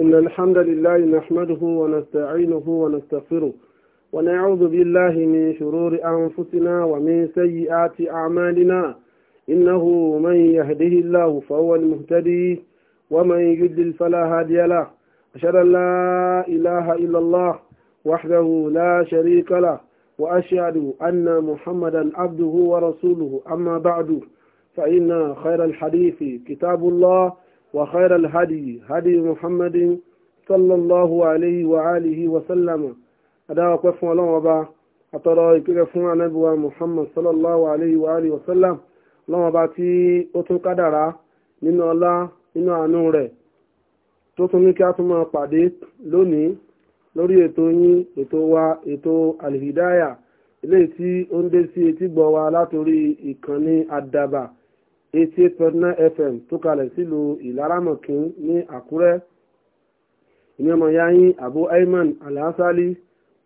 إن الحمد لله نحمده ونستعينه ونستغفره ونعوذ بالله من شرور أنفسنا ومن سيئات أعمالنا إنه من يهده الله فهو المهتدي ومن يدلل فلا هادي له أشهد أن لا إله إلا الله وحده لا شريك له وأشهد أن محمدا عبده ورسوله أما بعد فإن خير الحديث كتاب الله وخير الهدي هدي محمد صلى الله عليه وآله وسلم أدعى قف الله وبا أترى كفوا نبوة محمد صلى الله عليه وآله وسلم الله وبا تي أتن قدرا nínú ọlá nínú àánú rẹ̀ tó tún ní kí a tún máa pàdé lónìí lórí ètò yín ètò wa ètò alìhídáyà eléyìí tí ó ń dé sí etí gbọ́ wa látòrí ìkànnì àdàbà 105.9 eighty eight fm tó kalẹ̀ sílùú ìlaramọ̀kín ní àkúrẹ́ ìmọ̀ọ́mọ̀ ya yín abu ayman alhassali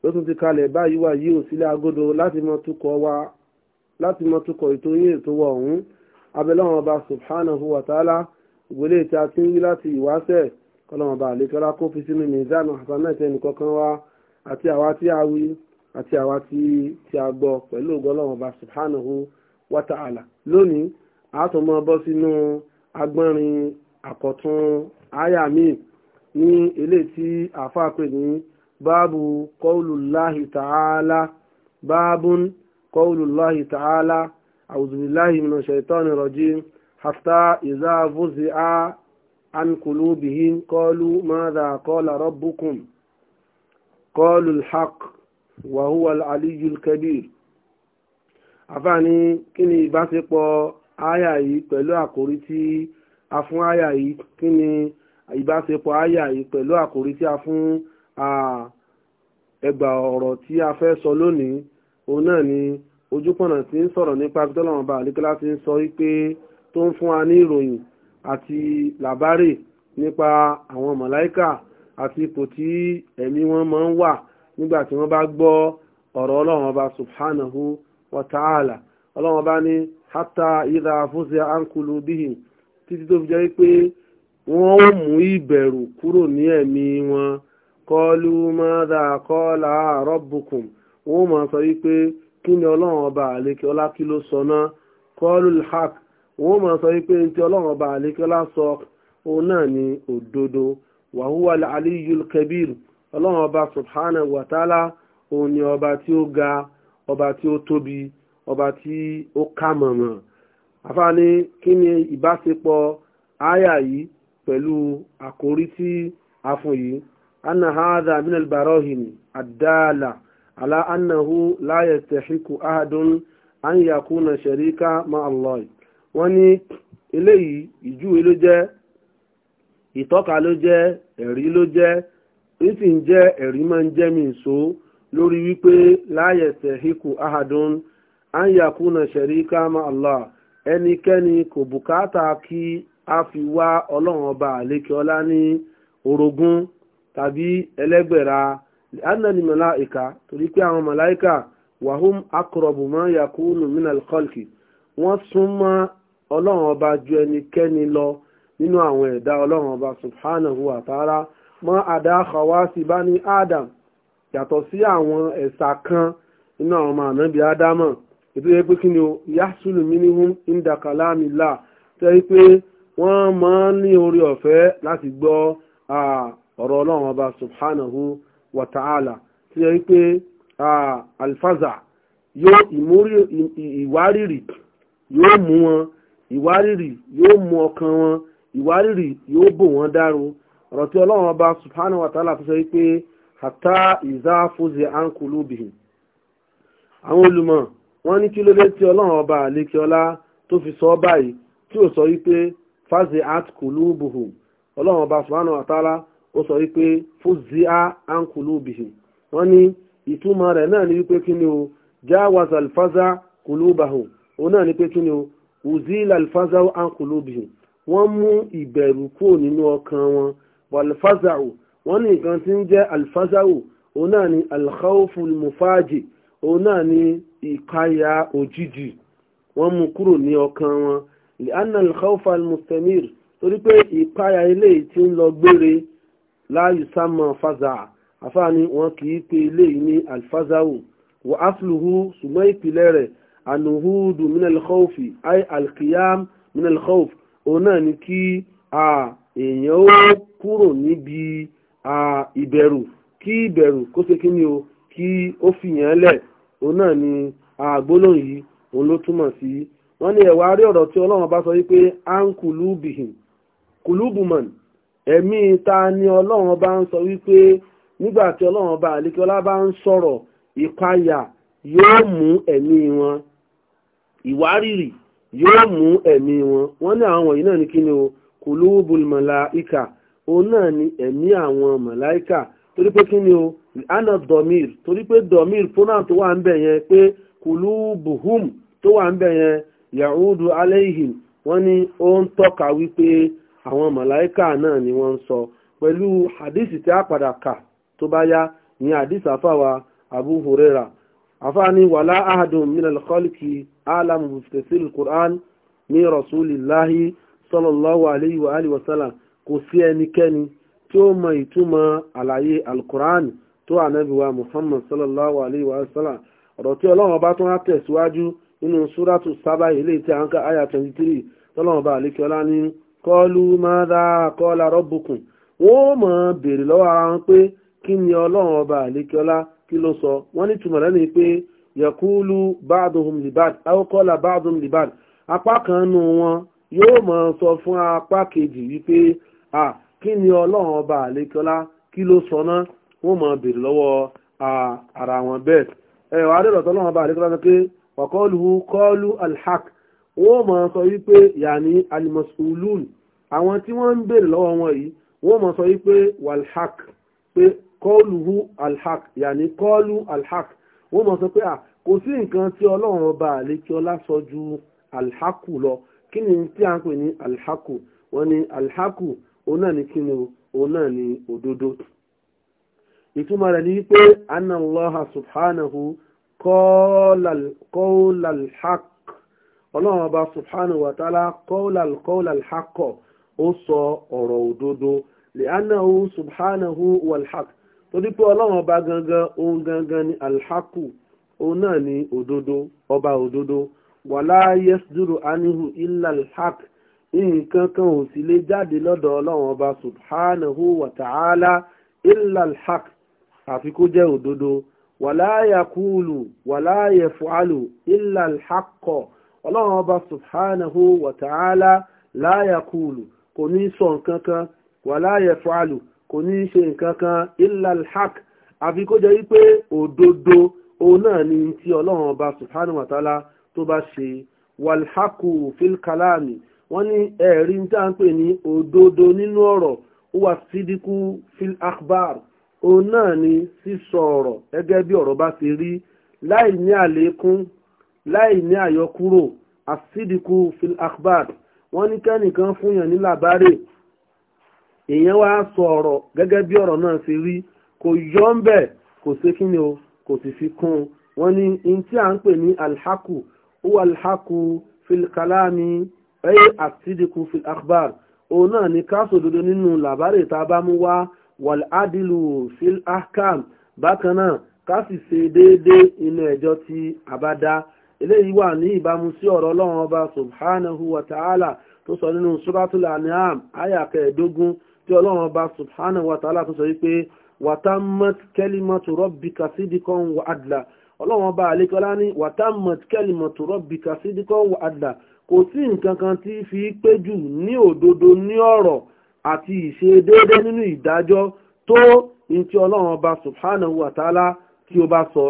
ló tún ti kalẹ̀ báyìí wà yìí ò agodo láti mọ tukọ̀ wa láti mọ tukọ̀ ètò yín ètò wa ọ̀hún abẹ́lẹ́wọ̀n ọba subhanahu wa ta'ala ìgbélé tí a ti ń wí láti ìwáṣẹ̀ kọlọ́wọ̀n ọba àlékọ́lá kó fi sínú mizanu hasanẹ́tẹ̀ nìkankan wa àti àwa tí a wí àti àwa tí a gbọ́ pẹ̀lú ògbọ́lọ́wọ̀n ọba subhanahu wa ta'ala lónìí a tún máa bọ́ sínú agbọ́nrin àkọ́tún àyà míì ní eléyìí tí àáfàá pè ní báàbù kọ́ọ̀lùláhì tààlà báàbùn kọ́ọ̀lùláhì tààlà àwùzùbíláhì mìnà ṣẹ̀tọ́nì rọ̀jí haftá ìzá fúzi á ankulu bihin kọ́ọ̀lù mọ́dà kọ́ọ̀là rọ́bùkùn kọ́ọ̀lù haq wàhúwà aliyul kabir àfààní kí ni ìbáṣepọ̀ Aya yìí pẹ̀lú àkórí tí a fún àyà yìí kí ni ìbáṣepọ̀ àyà yìí pẹ̀lú àkórí tí a fún ẹgbà ọ̀rọ̀ tí a fẹ́ sọ lónìí òun náà ni ojúpọ̀nà tí ń sọ̀rọ̀ nípa tọ́lọ́run bá àlékélá ti ń sọ wípé tó ń fún wa ní ìròyìn àti làbárè nípa àwọn mọ̀láíkà àti ipò tí ẹ̀mí wọn máa ń wà nígbà tí wọ́n bá gbọ́ ọ̀rọ̀ ọlọ́run ọba subhanahu wa ta'ala ọlọ́run bá ní hátà ìdá fúnṣe àǹkùlù bíhì títí tó fi jẹ́ pé wọ́n ó mú ìbẹ̀rù kúrò ní ẹ̀mí wọn kọlu mọ́dà kọ́lá rọ́bùkùn wọ́n máa sọ wípé kí ni ọlọ́run ọba àlékè ọlá kí ló sọ náà kọlu hak wọ́n máa sọ wípé ní ti ọlọ́run ọba àlékè ọlá sọ òun náà ní òdodo wàhúwà aliyu kabir ọlọ́run ọba subhanahu wa ta'ala òun ni ọba tí ó ga ọba tí ó tóbi. ọba tí ó ká mọ̀mọ̀ àfa ni kí ni ìbáṣepọ̀ àyà yìí pẹ̀lú àkórí tí a fún yìí anna haza adala ala annahu la yastahiqu ahadun an yakuna sharika ma allah wọ́n ní eléyìí ìjúwe ló jẹ́ ìtọ́ka ló jẹ́ je an yakuna sharika ma Allah ẹnikẹ́ni kò bùkátà kí a fi wá ọlọ́run ọba àlékiọlá ní orogún tàbí ẹlẹ́gbẹ̀ra anani malaika torí pé àwọn malaika wahum akọrọ̀bù ma yakunu minal khalki wọ́n súnmọ́ ọlọ́run ọba ju ẹnikẹ́ni lọ nínú àwọn ẹ̀dá ọlọ́run ọba subhanahu wa ta'ala mọ́ àdáhàwá sí bá adam yàtọ̀ sí àwọn ẹ̀sà kan nínú àwọn ọmọ ànábì ádámọ̀ ètò yẹ pé kí ni o yasulu minihum inda kalamila tó yẹ pé wọ́n máa ń ní orí ọ̀fẹ́ láti gbọ́ ọ̀rọ̀ ọlọ́run ọba subhanahu wa ta'ala tó yẹ pé alfaza yóò ìmúrí ìwárìrì yóò mú wọn ìwárìrì yóò mú ọkàn wọn ìwárìrì yóò bò wọ́n dáró ọ̀rọ̀ tí ọlọ́run ọba subhanahu wa ta'ala tó sọ wípé hata ìzáfóze ankulu àwọn olùmọ̀ wọ́n ní kí ló dé tí ọlọ́run ọba àlékiọlá tó fi sọ báyìí tí ò sọ wípé fáze art kùlùbùhùn ọlọ́run ọba subhanahu wa ta'ala ó sọ wípé fúzíà án kùlùbìhìn wọ́n ní ìtumọ̀ rẹ̀ náà ni wípé kí ni o jáwàz alfaza kùlùbàhùn òun náà ni pé kí ni o uzil alfaza án kùlùbìhìn wọ́n mú ìbẹ̀rù kúrò nínú ọkàn wọn wàlfaza'u wọ́n ní nǹkan tí ń jẹ́ alfaza'u òun náà ni alkhawful mufaji òun náà ni ìpayà òjijì wọ́n mú kúrò ní ọkàn wọn li'anna al-khawfa al-mustamir torí pé ìpayà eléyìí tí ń lọ gbére la yusamma faza àfáàní wọn kì í pe eléyìí ní alfazawu wa afluhu ṣùgbọ́n ìpìlẹ̀ rẹ̀ anuhudu min al ay al-qiyam òun náà ni kí èèyàn ó kúrò níbi ìbẹ̀rù kí ìbẹ̀rù kó ṣe kí ni o kí ó fìyàn lẹ̀ òun náà ni àgbólóhùn yìí òun ló túmọ̀ sí wọ́n ní ẹ̀wà rí ọ̀rọ̀ tí ọlọ́run bá sọ wípé ankulubihin kulubuman ẹ̀mí ta ni ọlọ́run bá ń sọ wípé nígbà tí ọlọ́run bá àlékọ́lá bá ń sọ̀rọ̀ ìpayà yóò mú ẹ̀mí wọn ìwárìrì yóò mú ẹ̀mí wọn wọ́n ní àwọn wọ̀nyí náà ní kí ni o kulubul mọ̀láìkà òun náà ni ẹ̀mí àwọn mọ̀láìkà torí pé kí ni o ana domir torí pé domir pronoun tó wà ń bẹ̀ yẹn pé kulubuhum tó wà ń bẹ̀ yẹn yahudu aleihim wọ́n ní ó ń tọ́ka wípé àwọn màláíkà náà ni wọ́n ń sọ pẹ̀lú hadith tí a padà kà tó bá yá ní hadith àfàwà abu huraira àfààní wàlá ahadùn minal khalqi alamu bufesil quran ní rasulillahi sallallahu alayhi wa alihi wa sallam kò sí ẹnikẹ́ni tí ó mọ ìtumọ̀ àlàyé alukur'an tó ànábì wa muhammad sallallahu alayhi wa sallam ọ̀rọ̀ tí ọlọ́run ọba tó ń tẹ̀síwájú nínú súrátù sábà ilé tí a àyà twenty tọ́lọ́run ọba àlékiọlá ní wọ́n mọ̀ wọn pé kí ni ọlọ́run ọba àlékiọlá kí ló sọ wọ́n ní sọ fún apá kejì wípé ah kí ni ọlọ́run ọba àlékọ́lá kí ló sọ náà wọ́n mọ̀ bèrè lọ́wọ́ ara wọn bẹ́ẹ̀ ẹ̀ wà á dẹ̀rọ̀ tọ́lọ́run ọba àlékọ́lá sọ pé wàkọ́lù kọ́lù alhaq wọ́n mọ̀ sọ wípé yàní alimasulun àwọn tí wọ́n ń bèrè lọ́wọ́ wọn yìí wọ́n mọ̀ sọ wípé walhaq pé kọ́lù alhaq yàní kọ́lù alhaq wọ́n mọ̀ sọ pé à kò sí nǹkan tí ọlọ́run ọba àlékọ́lá sọ ju alhaq lọ kí ni tí a ń pè ní alhaq wọ́n ní alhaq òun náà ni kíni òun náà ni òdodo ìtumọ̀ rẹ̀ ni wípé anallaha subhanahu kọ́ọ̀lal haq ọlọ́run ọba subhanahu wa ta'ala kọ́ọ̀lal kọ́ọ̀lal haq ó sọ ọ̀rọ̀ òdodo lè anahu subhanahu wal haq torí pé ọlọ́run ọba gangan òun gangan ni alhaku òun náà ni òdodo ọba òdodo wàlá yasduru anihu illa alhaq nǹkan kan ò sì lè jáde lọ́dọ̀ ọlọ́run ọba subhanahu wa ta'ala illa alhaq àfi kó jẹ́ òdodo wàlá yakulu wàlá yafalu illa alhaq ọlọ́run ọba subhanahu wa ta'ala la yakulu kò ní sọ nǹkan kan wàlá yafalu kò ní ṣe nǹkan kan illa alhaq àfi kó jẹ́ wípé òdodo òun náà ni ti ọlọ́run ọba subhanahu wa ta'ala tó bá ṣe walhaqu fil wọ́n ní ẹ̀rí ń tàn pè ní òdodo nínú ọ̀rọ̀ wà sídìkú fil akhbar òun náà ni sísọ ọ̀rọ̀ gẹ́gẹ́ bí ọ̀rọ̀ bá ti rí láì ní àlékún láì ní àyọkúrò àsídìkú fil akhbar wọ́n ní kẹ́nìkan fúnyàn ní làbárè èèyàn wá sọ ọ̀rọ̀ gẹ́gẹ́ bí ọ̀rọ̀ náà ti rí kò yọ ń bẹ̀ kò ṣe kí ni o kò sì fi kún un wọ́n ní in tí à ń pè ní alhaku ó alhaku fil kalami ẹyẹ àtìdíkù fi akhbar òun náà ni ká sòdodo nínú làbárè tá a bá mú wá wal adilu fil ahkam bákan náà ká sì ṣe déédéé inú ẹjọ́ tí a bá dá eléyìí wà ní ìbámu sí ọ̀rọ̀ ọlọ́run ọba subhanahu wa ta'ala tó sọ nínú suratul an'am àyà kẹẹ̀ẹ́dógún tí ọlọ́run ọba subhanahu wa ta'ala tó sọ wípé wàtámọ́t kẹ́límọ́tò rọ́bìkà sídìkan wà adla ọlọ́run ọba àlékọ́lá ní wàtámọ́t kẹ́límọ́tò rọ́bìkà sídìkan wà adla kò sí nǹkan kan tí fi péjú ní òdodo ní ọ̀rọ̀ àti ìṣe déédé nínú ìdájọ́ tó ntí ọlọ́run ọba subhanahu wa ta'ala tí ó bá sọ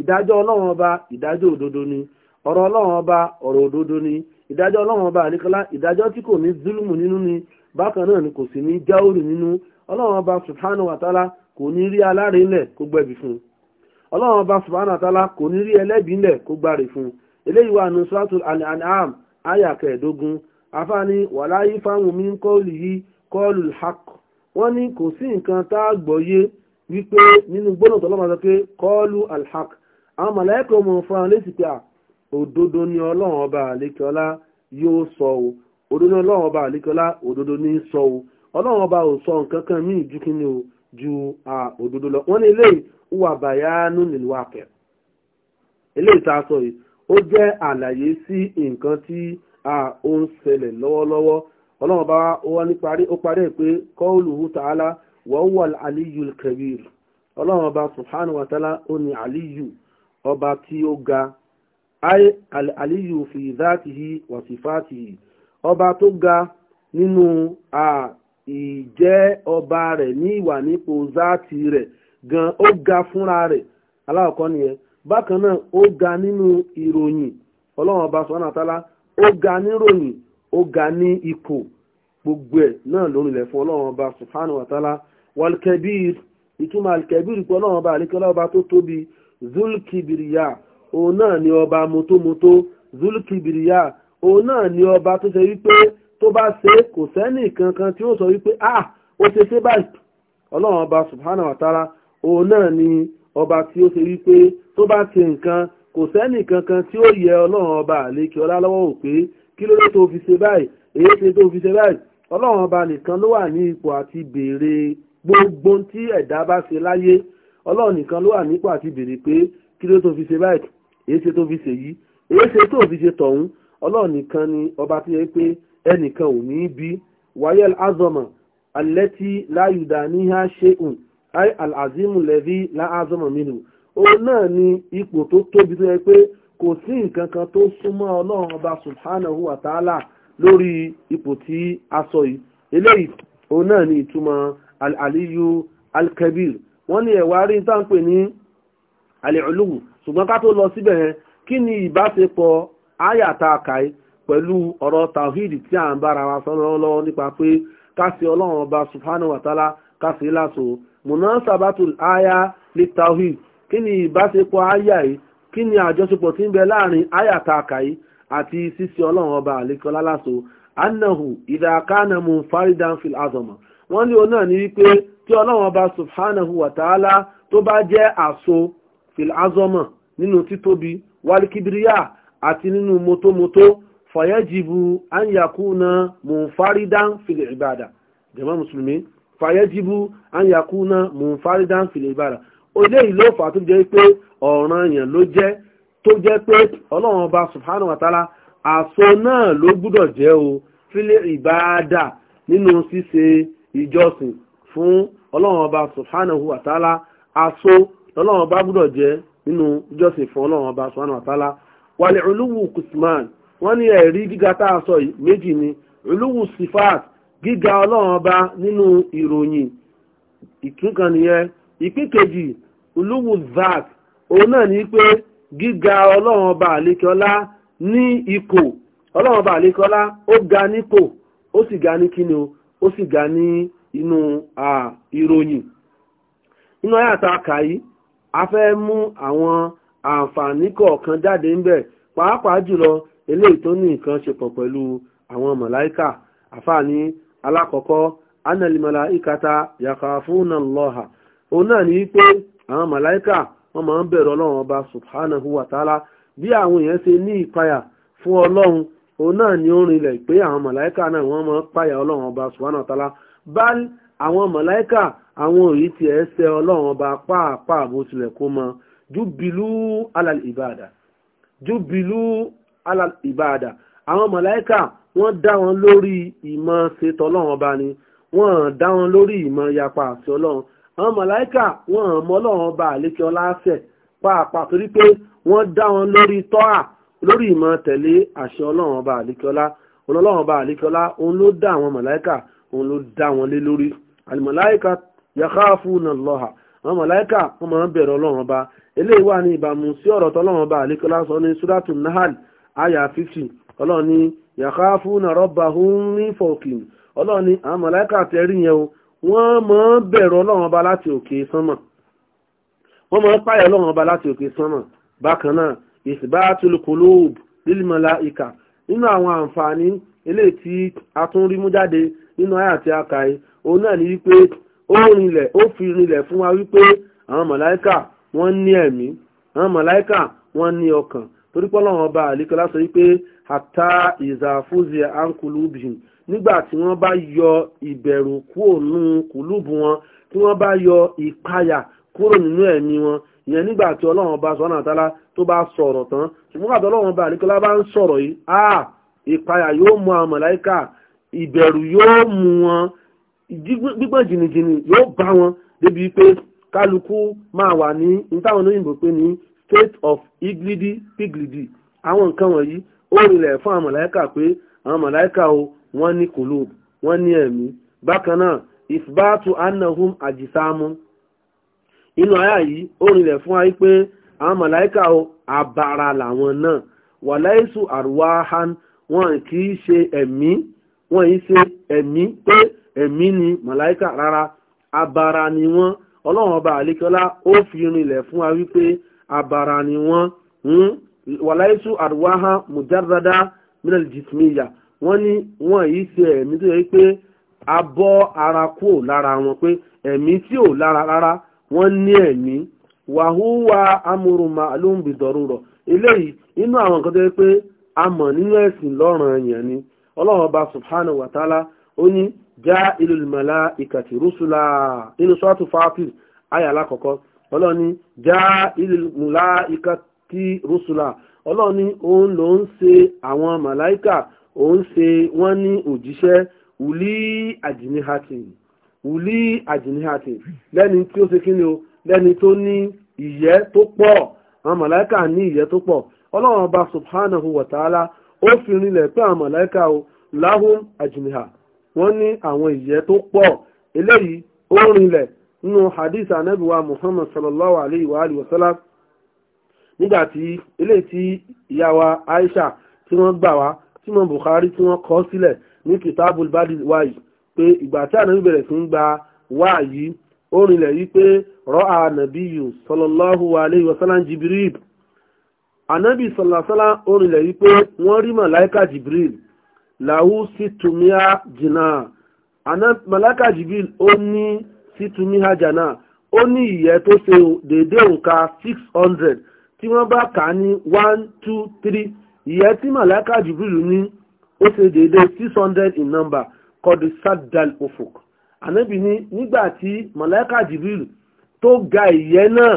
ìdájọ́ ọlọ́run ọba ìdájọ́ òdodo ni ọ̀rọ̀ ọlọ́run ọba ọ̀rọ̀ òdodo ni ìdájọ́ ọlọ́run ọba àníkọ́lá ìdájọ́ tí kò ní zulumu nínú ni bákan náà ni kò sì ní jáòrì nínú ọlọ́run ọba subhanahu wa ta'ala kò ní rí alárinlẹ̀ kó gbẹ̀bì fún un ọlọ́run ọba subhanahu wa ta'ala kò ní rí ẹlẹ́bìínlẹ̀ kó gbàrè fún un eléyìí wà nù suratul an'am àyà kẹẹ̀ẹ́dógún afáàní wàláyé fáwọn mi ń kọ́ọ̀lù yìí kọ́ọ̀lù hak wọ́n ní kò sí nǹkan tá a gbọ́yé wípé nínú gbọ́nà tó sọ pé kọ́ọ̀lù alhak àwọn ọmọ fún létí ni ọlọ́run ọba àlékọ́lá sọ o òdodo ni ọlọ́run ọba àlékọ́lá òdodo ni sọ o ọlọ́run ọba ò sọ nǹkan o ju òdodo lọ wọ́n ní eléyìí wà eléyìí tá a sọ ó jẹ́ àlàyé sí nǹkan tí ó ń ṣẹlẹ̀ lọ́wọ́lọ́wọ́ ọlọ́run bá wọ́n ní parí ó parí ẹ̀ pé wọ́n wà aliyu kabir ọlọ́run ọba subhanahu wa ta'ala aliyu ọba tí ó ga aliyu fi dhatihi wa sifatihi ọba tó ga nínú ìjẹ́ ọba rẹ̀ ní ìwà nípò záàtì rẹ̀ gan ó ga fúnra rẹ̀ aláwọ̀kọ́ nìyẹn bákan náà ó ga nínú ìròyìn ọlọ́run ọba sọ́nà àtàlá ó ga níròyìn ó ga ní ipò gbogbo ẹ̀ náà lórí ilẹ̀ fún ọlọ́run ọba subhanahu wa ta'ala walkebir ìtumọ̀ alkebir pé ọlọ́run ọba àríkẹ́ ọlọ́run ọba tó tóbi zulkibiriya òun náà ni ọba motomoto zulkibiriya òun náà ni ọba tó ṣe wípé tó bá ṣe kò sẹ́nì kankan tí ó sọ wípé ah ó ṣe ṣe báyìí ọlọ́run ọba subhanahu wa ta'ala òun náà ni ọba tí ó ṣe wípé tó bá ti nǹkan kò sẹ́nì kankan tí ó yẹ ọlọ́run ọba àlékè ọlá lọ́wọ́ ò pé kí ló dé tó fi ṣe báyìí èyí ṣe tó fi ṣe báyìí ọlọ́run ọba nìkan ló wà ní ipò àti béèrè gbogbo tí ẹ̀dá bá ṣe láyé ọlọ́run nìkan ló wà nípò àti béèrè pé kí ló tó fi ṣe báyìí èyí ṣe tó fi ṣe yìí èyí ṣe tó fi ṣe tọ̀hún ọlọ́run nìkan ni ọba ti yẹ pé ẹnìkan ò ní í bí wayel azọmọ alẹ́tí láyùdá níhà ṣe hùn ai alazimu lẹ́bí láhàzọmọ mìíràn òun náà ni ipò tó tóbi tó yẹ pé kò sí nǹkan kan tó súnmọ́ ọlọ́run ọba subhanahu wa ta'ala lórí ipò tí a sọ yìí eléyìí òun náà ni ìtumọ̀ al-aliyu al-kabir wọ́n ní ẹ̀wà rí tá ń pè ní al-uluw ṣùgbọ́n ká tó lọ síbẹ̀ yẹn kí ni ìbáṣepọ̀ ayàtà kàí pẹ̀lú ọ̀rọ̀ tawhid tí à ń bára wa sọ lọ́wọ́ nípa pé ká sí ọlọ́run ọba subhanahu wa ta'ala ká sí láṣọ munasabatul aya li tawhid kí ni ìbáṣepọ̀ àyà yìí kí ni àjọṣepọ̀ tí ń bẹ láàrin àyà kàkà yìí àti ṣíṣe ọlọ́run ọba àlékọ́lá láṣọ annahu ìdàkánà mu faridan fil azọmọ wọ́n ní òun náà ní wípé tí ọlọ́run ọba subhanahu wa ta'ala tó bá jẹ́ àṣọ fil azọmọ nínú títóbi walikibiriya àti nínú motomoto fàyẹ́jìbù anyakuna mu fil ibada jàmá mùsùlùmí fàyẹ́jìbù anyakuna mu fil ibada eléyìí ló fà á tó jẹ́ pé ọ̀ràn yẹn ló jẹ́ tó jẹ́ pé ọlọ́run ọba subhanahu wa ta'ala náà ló gbúdọ̀ o fílẹ̀ ìbáadà nínú ṣíṣe ìjọsìn fún ọlọ́run ọba subhanahu wa ta'ala àṣọ ọlọ́run ọba gbúdọ̀ jẹ́ nínú ìjọsìn fún ọlọ́run ọba subhanahu wa ta'ala wàlẹ̀ olúwu kùsùmán wọ́n ní ẹ̀rí gíga tá a sọ méjì ni olúwu sifat gíga ọlọ́run ọba nínú ìròyìn ìpín kejì olúwo zac òun náà ní pé gíga ọlọ́run ọba àlékọ́lá ní ipò ọlọ́run ọba àlékọ́lá ó ga nípò ó sì ga ní kíni o ó sì ga ní inú ìròyìn inú ayé àtàkà yìí a fẹ́ mú àwọn àǹfààní kọ̀ọ̀kan jáde ń pàápàá jùlọ eléyìí tó ní nǹkan ṣe pọ̀ pẹ̀lú àwọn màláíkà àfààní alákọ̀ọ́kọ́ anàlìmọ̀lá ìkàtà òun náà ní wípé àwọn màláìkà wọ́n máa ń bẹ̀rù ọlọ́run ọba subhanahu wa ta'ala bí àwọn èèyàn ṣe ní ìpayà fún ọlọ́run òun náà ni ó rinlẹ̀ pé àwọn màláìkà náà wọ́n máa ń payà ọlọ́run ọba subhanahu wa ta'ala bá àwọn màláìkà àwọn òrí ti ẹsẹ̀ ọlọ́run ọba pàápàá bó tilẹ̀ kó mọ júbìlú alal ìbàdà júbìlú alal ìbàdà àwọn màláìkà wọ́n dá wọn lórí ìmọ̀ ṣètò ọlọ́run ọba ni wọ́n dá wọn lórí ìmọ̀ yapa àti ọlọ́run àwọn màláìkà wọn hàn mọ́ ọlọ́run ọba àlékè ọlá fẹ̀ pàápàá torí pé wọ́n dá wọn lórí tọ́à lórí ìmọ̀ tẹ̀lé àṣẹ ọlọ́run ọba àlékè ọlá ọlọ́run ọba àlékè ọlá òun ló dá àwọn màláìkà òun ló dá wọn lé lórí àlùmọ̀láìkà yakhafuna Allaha àwọn màláìkà wọn máa ń bẹ̀rù ọlọ́run ọba eléyìí wà ní ìbámu sí ọ̀rọ̀ tọ́lọ́run ọba àlékè ọlá sọ suratu nahal aya 50 ọlọ́run ní yakhafuna rabbahum min fawqihim ọlọ́run wọ́n mọ́ bẹ̀rù lọ́wọ́n ọba láti òkè sánmà wọ́n mọ́ páyà ọlọ́run ọba láti òkè sánmà bákan náà nínú àwọn àǹfààní eléyìí tí a tún rí mú jáde nínú àyà tí a òun náà wípé fi rinlẹ̀ fún wa wípé àwọn mọ̀láìkà wọ́n ní ẹ̀mí àwọn wọ́n ní ọkàn ọba àlíkọ́lá sọ nígbà tí wọ́n bá yọ ìbẹ̀rù kúrò nínú kùlùbù wọn tí wọ́n bá yọ ìpayà kúrò nínú ẹ̀mí wọn ìyẹn nígbà tí ọlọ́run ọba sọ́nà àtàlá tó bá sọ̀rọ̀ tán ṣùgbọ́n àti ọlọ́run ọba àríkọ́lá bá ń sọ̀rọ̀ yìí a ah, ìpayà yóò mú àwọn mọ̀láìkà ìbẹ̀rù yóò mú wọn gbígbọ́n jìnnìjìnnì yóò bá wọn débi pé kálukú máa wà ní nítawọn olóyìnbó pé ní state of iglidi piglidi àwọn nǹkan wọ̀nyí ó rinlẹ̀ fún àwọn mọ̀láìkà pé àwọn mọ̀láìkà o wọ́n ní kòlóòbù wọ́n ní ẹ̀mí bákan náà ìfibátu anahum àjìsámú inú àyà yìí ó rinlẹ̀ fún wa pé àwọn màláìka o àbàrà làwọn náà wàláìsù àrùwáhán wọn kì í ṣe ẹ̀mí wọn yìí ṣe ẹ̀mí pé ẹ̀mí ni màláìka rárá àbàrà ni wọ́n ọlọ́run ọba àlékọ́lá ó fi rinlẹ̀ fún wa wípé àbàrà ni wọ́n hmm? wàláìsù àrùwáhán mùjáradá mílẹ̀ jìtìmíyà wọ́n ní wọ́n yìí ṣe ẹ̀mí tó yẹ pé a bọ́ ara kúrò lára wọn pé ẹ̀mí tí ò lára rárá wọ́n ní ẹ̀mí wàhúwà amúrùmá alóhùnbìdọ́rù rọ̀ eléyìí inú àwọn nǹkan tó yẹ pé a mọ̀ nínú ẹ̀sìn lọ́rùn ẹ̀yàn ni ọlọ́run ọba subhanahu wa ta'ala ó ní já ilul malaikati rusula inú sọ́ọ̀tù fatir ayà alákọ̀ọ́kọ́ ọlọ́run já ilul malaikati rusula ọlọ́run ní òun ló ń ṣe àwọn màláìkà òun ṣe wọ́n ní òjíṣẹ́ wùlí àjìníhàtì wùlí àjìníhàtì lẹ́ni tí ó ṣe kí ni o lẹ́ni tó ní ìyẹ́ tó pọ̀ àwọn màláìka ní ìyẹ́ tó pọ̀ ọlọ́run ọba subhanahu wa ta'ala ó fi rinlẹ̀ pé àwọn o láhùn àjìníhà wọ́n ní àwọn ìyẹ́ tó pọ̀ eléyìí ó rinlẹ̀ nínú hadith anabiwa muhammad sallallahu alayhi wa alihi wa sallam nígbà tí eléyìí tí aisha tí wọ́n gbà wá tí mo Bukhari tí wọ́n kọ́ sílẹ̀ ní kitabul badi wáyé pé ìgbà tí ànábì bẹ̀rẹ̀ sí ń gba wáyé ó rinlẹ̀ yí pé rọ́à nàbíyù sallallahu alayhi wa sallam jibril ànábì sọ̀làsọ́lá ó rinlẹ̀ yí pé wọ́n rí màláìka jibril làwù situmiya jìnnà màláìka jibril ó ní situmiya jìnnà ó ní ìyẹ́ tó ṣe déédéé nǹka six hundred tí wọ́n bá kà á ní one two three ìyẹ́ tí màláìka jùbìlù ní ó ṣe déédéé six hundred in number called sadal ofok ànábì ní nígbà tí màláìka jùbìlù tó ga ìyẹ́ náà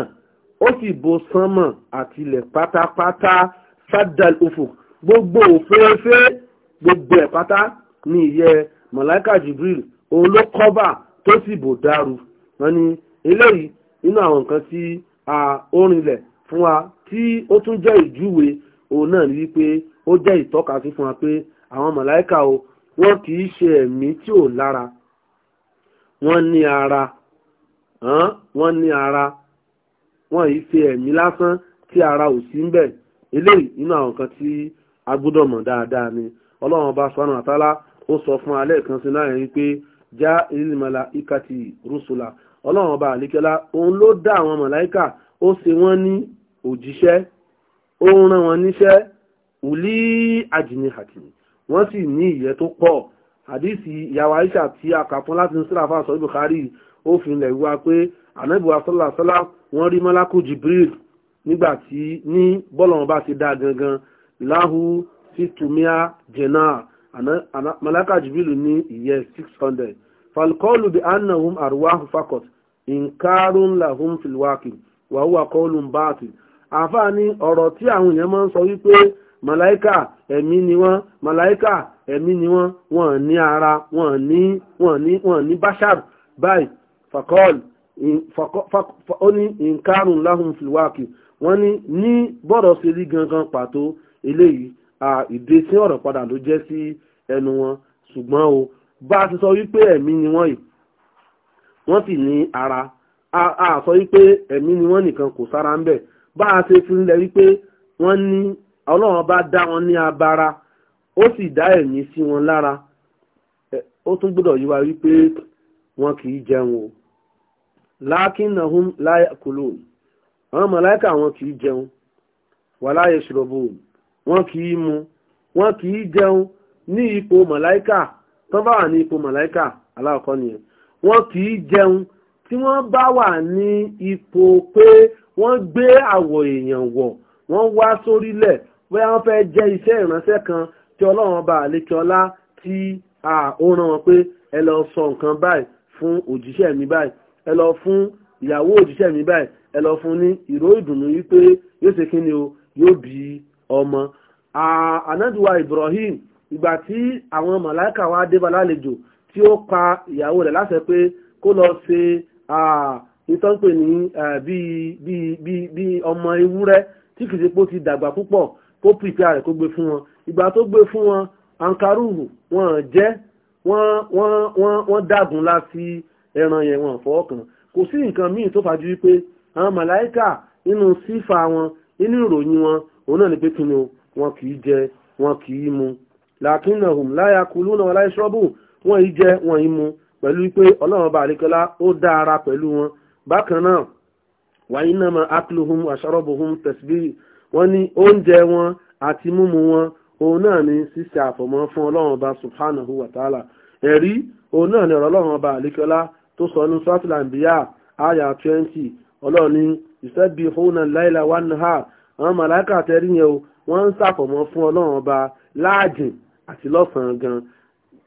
ó sì bo sánmọ̀ àtilẹ̀ pátápátá sadal ofok gbogbo òfééfé gbogbo ẹ̀ pátá ní ìyẹ́ màláìka jùbìlù òun ló kọ́bà tó sì bò dáru wọn ni eléyìí nínú àwọn nǹkan tí a ó rinlẹ̀ fún wa tí ó tún jẹ́ ìjúwe òun náà ni wípé ó jẹ́ ìtọ́ka sí fún wa pé àwọn màláìka o wọ́n kì í ṣe ẹ̀mí tí ò lára wọ́n ní ara wọ́n ní ara wọ́n yìí ṣe ẹ̀mí lásán tí ara ò sí ń bẹ̀ eléyìí nínú àwọn kan tí a mọ̀ dáadáa ni ọlọ́run àtàlá ó sọ fún alẹ́ kan sí náà yẹn pé já rúṣùlà ọlọ́run ọba òun ló dá àwọn ó ṣe wọ́n ní òjíṣẹ́ ó ń rán wọn níṣẹ́ wùlí àjìnìhàtì wọ́n sì ní ìyẹ́ tó pọ̀ àdìsí ìyàwó Aisha tí a kà fún láti sílà fún àsọ̀rọ̀ Bukhari ó fi ilẹ̀ wá pé anábìwá sọ́là sọ́là wọ́n rí mọ́lákù Jibril nígbà tí ní bọ́lọ̀wọ́n bá ti dá gangan láhu fitumia jena malaka Jibril ní ìyẹ́ 600 falkọ́ọ̀lù bí annahum arwah fakot inkarun lahum filwakin wàhùwà kọ́ọ̀lù baatil àáfàá ní ọ̀rọ̀ tí àwọn èèyàn máa ń sọ wípé màláíkà ẹ̀mí ni wọ́n màláíkà ẹ̀mí ni wọ́n wọ́n ní ara wọ́n ní wọ́n ní wọ́n ní bashar báyìí fakọ́ọ̀l ó ní nkárùn láhùn fìlúwàkì wọ́n ní ní bọ́rọ̀ sí rí gangan pàtó eléyìí ìdésí ọ̀rọ̀ padà ló jẹ́ sí ẹnu wọn ṣùgbọ́n o bá a ti sọ wípé ẹ̀mí ni wọ́n yìí wọ́n sì ní ara a sọ wípé ẹ̀mí ni wọ́n nìkan kò sára ń bẹ̀ bá a ṣe fi lẹ̀ wípé wọ́n ní ọlọ́run bá dá wọn ní abara ó sì dá ẹ̀mí sí wọn lára ó tún gbọ́dọ̀ yíwa wípé wọn kì í jẹun o lákínàhún láyàkúlò àwọn mọ̀láìkà wọn kì í jẹun wà láyé ṣùrọ̀bù wọn kì í mu wọn kì í jẹun ní ipò mọ̀láìkà tó bá wà ní ipò mọ̀láìkà aláàkọ́ nìyẹn wọn kì í jẹun tí wọ́n bá wà ní ipò pé wọ́n gbé àwọ̀ èèyàn wọ̀ wọ́n wá sórílẹ̀ wẹ́ wọ́n fẹ́ jẹ́ iṣẹ́ ìránṣẹ́ kan tí ọlọ́run ọba àlékiọlá tí ó rán wọn pé ẹ lọ sọ nǹkan báyìí fún òjíṣẹ́ mi báyìí ẹ lọ fún ìyàwó òjíṣẹ́ mi báyìí ẹ lọ fún ní ìró ìdùnnú wípé yóò ṣe kí ni o yóò bí ọmọ anaduwa Ibrahim ìgbà tí àwọn màláìka wa débà lálejò tí ó pa ìyàwó rẹ̀ láṣẹ pé kó lọ ṣe nítorí pé ní bí ọmọ ewúrẹ́ tí kìí ṣe pé ó ti dàgbà púpọ̀ kó pìpẹ́ rẹ̀ kó gbé fún wọn ìgbà tó gbé fún wọn ankaruhu wọn jẹ́ wọ́n dàgùn láti ẹran yẹn wọn fọwọ́ kàn kò sí nǹkan míì tó fàájú wípé àwọn màláìkà nínú sífà wọn nínú ìròyìn wọn òun náà ni pé kí ni wọn kì í jẹ wọn kì mu làkínàhùn láyàkulú náà láìṣọ́bù wọn yìí jẹ wọn yìí mu pẹ̀lú pé ọlọ́run bá àlékọ́lá ó dá ara pẹ̀lú wọn bákan náà wàyí náà ma akluhum aṣọ́rọ́bùhum tẹ̀síbí wọ́n ní oúnjẹ wọn àti mímu wọn òun náà ni ṣíṣe àfọ̀mọ́ fún ọlọ́run ọba subhanahu wa ta'ala ẹ̀rí òun náà ni ọ̀rọ̀ ọlọ́run ọba àlíkọ́lá tó sọ ní suratul anbiya àyà twenty ọlọ́run ní yusabbihuna al-layla wan-nahar àwọn màláìkà tẹ́rí yẹn o wọ́n ń ṣàfọ̀mọ́ fún ọlọ́run ọba láàjìn àti lọ́sàn gan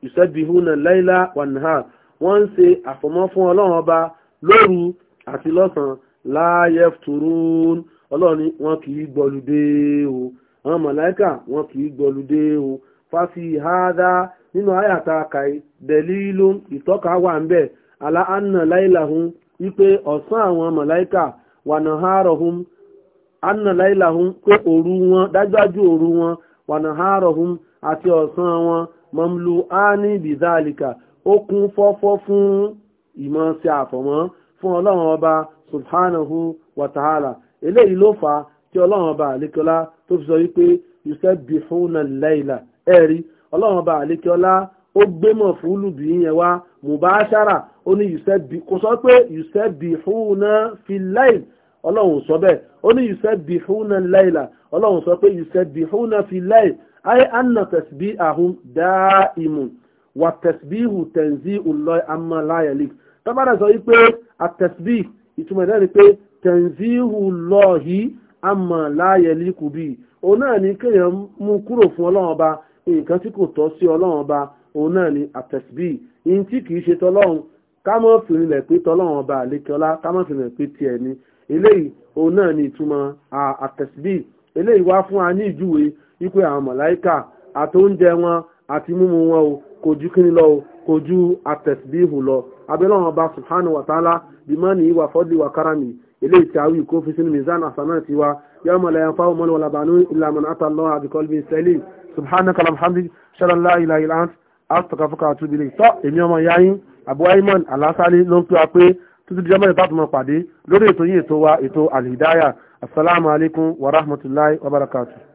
yusabbihuna al-layla wan-nahar wọ́n ń ṣe àfọ̀mọ́ fún ọlọ́run ọba lóru àti lọ́sàn-án láàyè tòrún ọlọ́run ni wọn kì í gbọ́lùdé o àwọn mọ̀láìkà wọn kì í gbọ́lùdé o fáfi háàdá nínú àyàtà kàí dẹ̀lílù ìtọ́ka wà ń bẹ̀ aláàánà láìláhùn wípé ọ̀sán àwọn mọ̀láìkà wànà háàrọ̀hún àánà láìláhùn pé òru wọn dájúdájú òru wọn wànà àti wọn mamlu áání bìzálìkà ó kún fọ́fọ́ fún àfọ̀mọ́ fún ọlọ́run ọba subhanahu wa ta'ala eléyìí ló fà á tí ọlọ́run ọba àlékọ́lá tó fi sọ wípé yusabbihuna al-layla ẹ̀rí ọlọ́run ọba àlékọ́lá ó gbémọ̀ fún lùbí yẹn wá mubashara ó ní yusabbih kò sọ pé yusabbihuna fil-layl ọlọ́run sọ bẹ́ẹ̀ ó ní yusabbihuna al-layla ọlọ́run sọ pé yusabbihuna fil-layl ayé anna tasbihahum da'imun wa tasbihu tanzi'u Allah amma la yalik tọ́bàdà sọ wípé àtẹ̀sbí ìtumọ̀ ẹ̀dá ni pé tẹ̀nzíhù lọ́ọ̀hí àmọ̀ láàyè líkùbí òun náà ni kéèyàn mú kúrò fún ọlọ́run ọba nǹkan tí kò tọ́ sí ọlọ́run ọba òun náà ni àtẹ̀sbí ìyìn tí kìí ṣe tọlọ́run kámọ́ fìrìnlẹ̀ pé tọlọ́run ọba àlékiọlá kámọ́ fìrìnlẹ̀ pé tiẹ̀ ni eléyìí òun náà ni ìtumọ̀ àtẹ̀sbí eléyìí wá fún wa ní ìjúwe wípé àwọn mọ̀láìkà àtóúnjẹ wọn àti mímu wọn o kò ju kíni lọ o kò ju àtẹ̀sbí hù lọ abẹ́lọ́wọ̀n ọba subhanahu wa ta'ala bimani wa fadli wa karami eléyìí tí a wí kó fi sínú mizan asana tiwa yawma la yanfa'u malun wala banun illa man ata Allah bi qalbin salim subhanaka alhamdi shalala la ilaha illa ant astaghfiruka wa atubu ilayk tọ́ èmi ọmọ yayin abu aiman alasali ló ń pè wá pé títí di ọmọ ìbátan mọ pàdé lórí ètò yìí ètò wa ètò alhidaya assalamu wa rahmatullahi wa barakatuh